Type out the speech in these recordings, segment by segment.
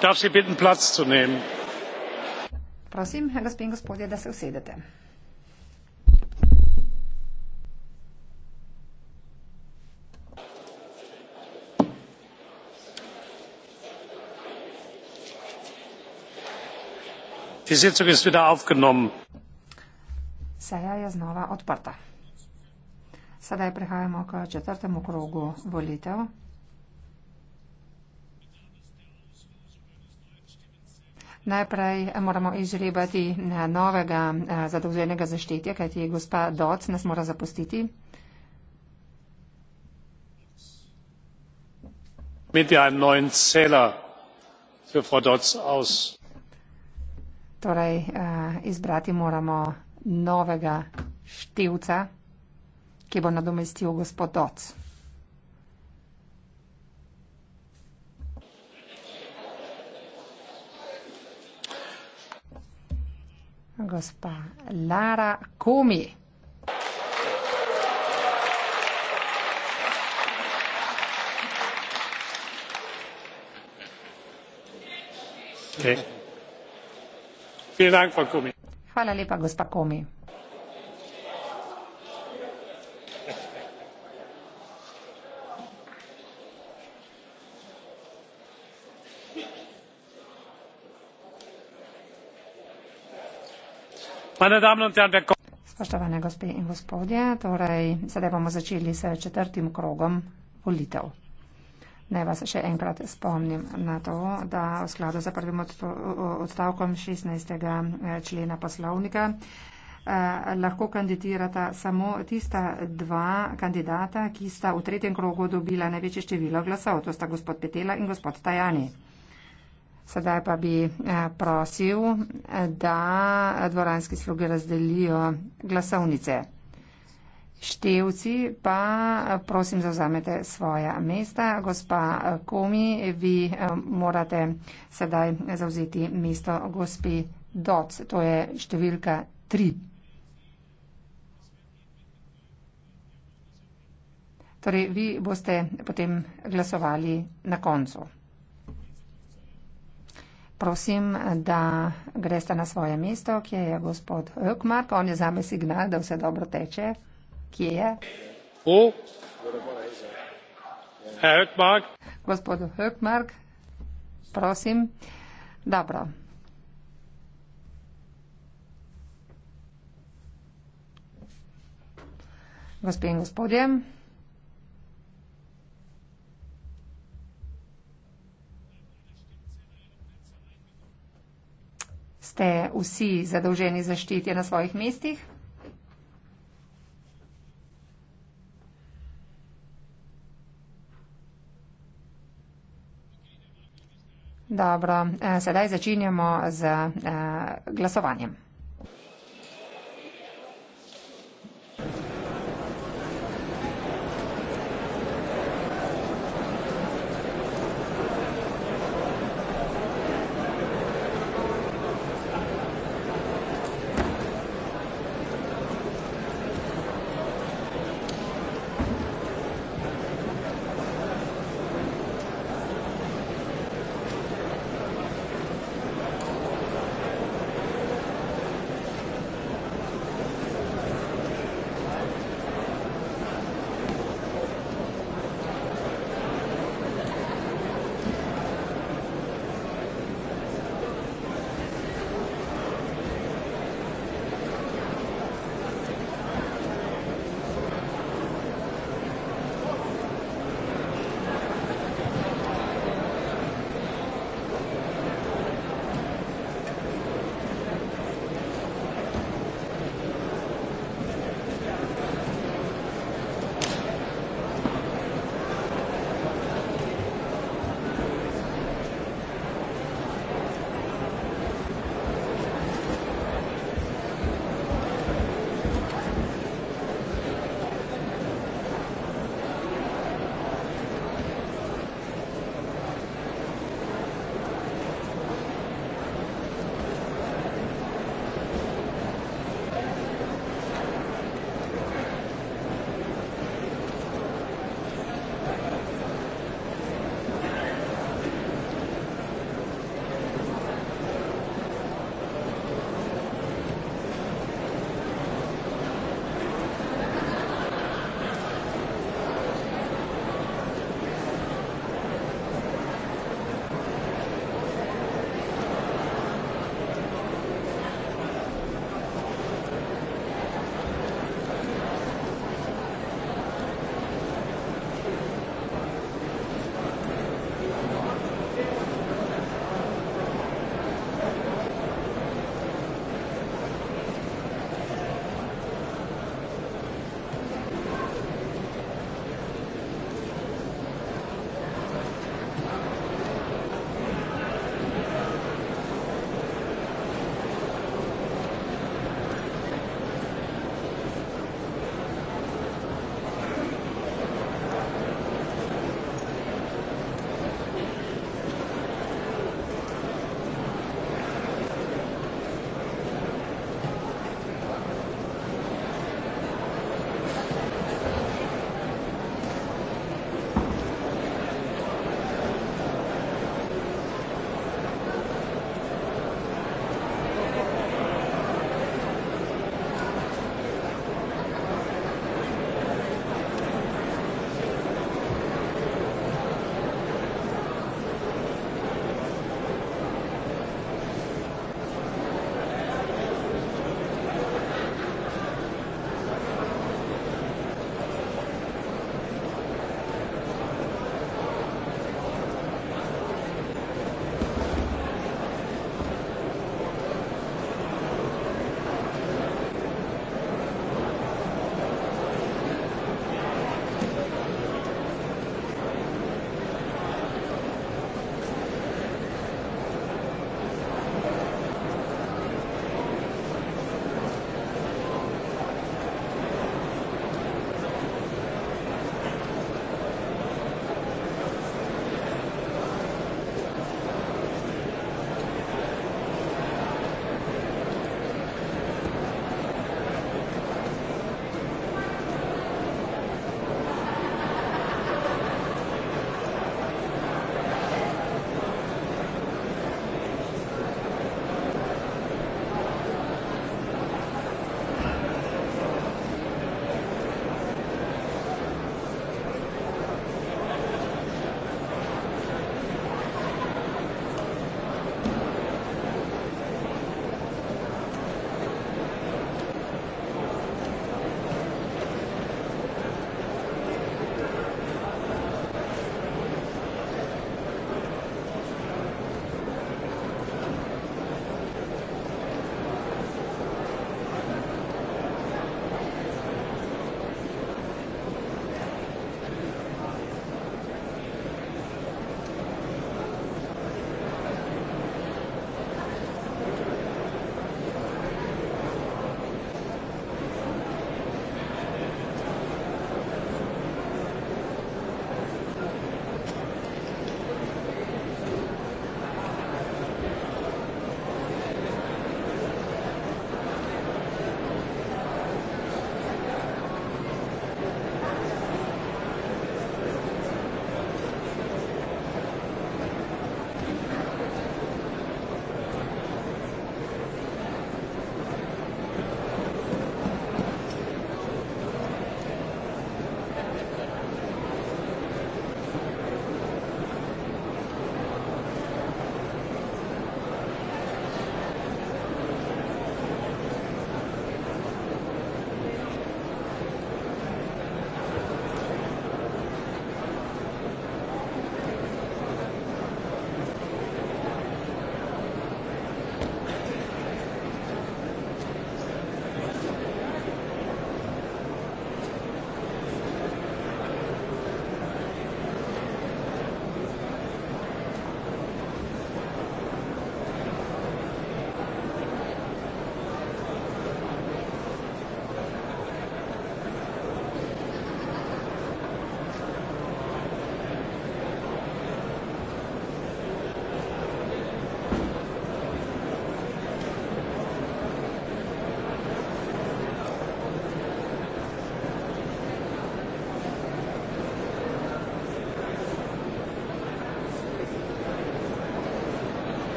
darf sie bitten platz zu nehmen. Prosim, gospe in gospodje, da se usedete. Die Sitzung ist wieder aufgenommen. Seja je znova odprta. Sedaj prehajamo k četrtemu krogu volitev. Najprej moramo izžrebati novega eh, zadolženega zaštitja, kajti gospa Doc nas mora zapustiti. Ja torej, eh, izbrati moramo novega števca, ki bo nadomestil gospod Doc. gospa Lara Komi. Hvala lepa, gospa Komi. Spoštovane gospe in gospodje, torej sedaj bomo začeli s četrtim krogom volitev. Naj vas še enkrat spomnim na to, da v skladu za prvim odstavkom 16. Eh, člena poslovnika eh, lahko kandidirata samo tista dva kandidata, ki sta v tretjem krogu dobila največje število glasov, to sta gospod Petela in gospod Tajani. Sedaj pa bi eh, prosil, da dvoranski sluge razdelijo glasovnice. Števci pa eh, prosim zauzamete svoja mesta. Gospa eh, Komi, vi morate sedaj zauzeti mesto gospi Doc, to je številka 3. Torej, vi boste potem glasovali na koncu. Prosim, da greste na svoje mesto, kje je gospod Ökmark. On je zame signal, da vse dobro teče. Kje je? U. Ökmark. Gospod Ökmark, prosim. Dobro. Gospe in gospodje. ste vsi zadolženi za štitje na svojih mestih? Dobro, eh, sedaj začenjamo z eh, glasovanjem.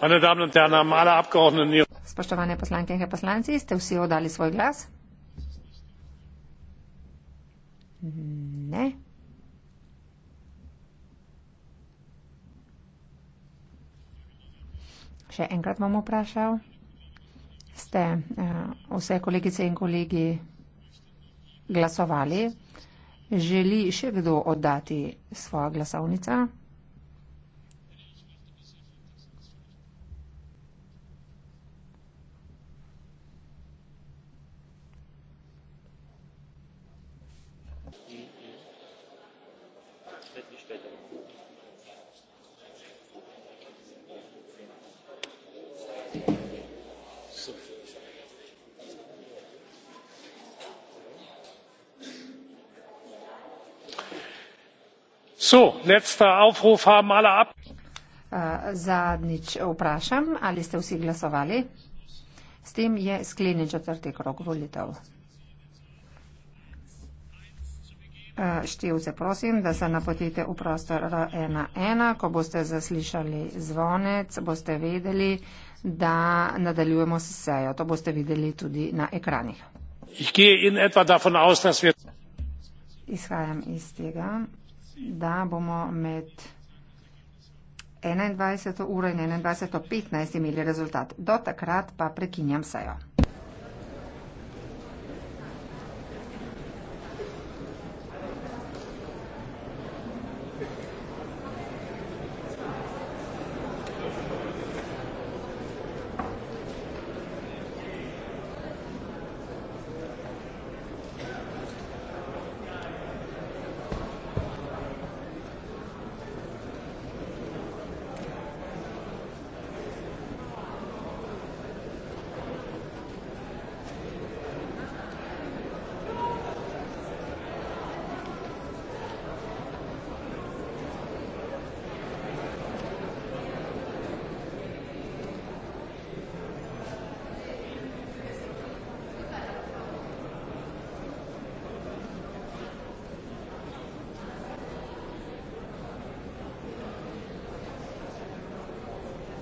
Spoštovane poslanke in poslanci, ste vsi oddali svoj glas? Ne. Še enkrat bom vprašal. Ste eh, vse kolegice in kolegi glasovali? Želi še kdo oddati svojo glasovnico? Eh, zadnjič vprašam, ali ste vsi glasovali. S tem je sklenjen četrti krok volitev. Eh, Števce prosim, da se napotite v prostor R11. Ko boste zaslišali zvonec, boste vedeli, da nadaljujemo s sejo. To boste videli tudi na ekranih. Izhajam iz tega da bomo med 21. uro in 21.15 imeli rezultat. Do takrat pa prekinjam sejo.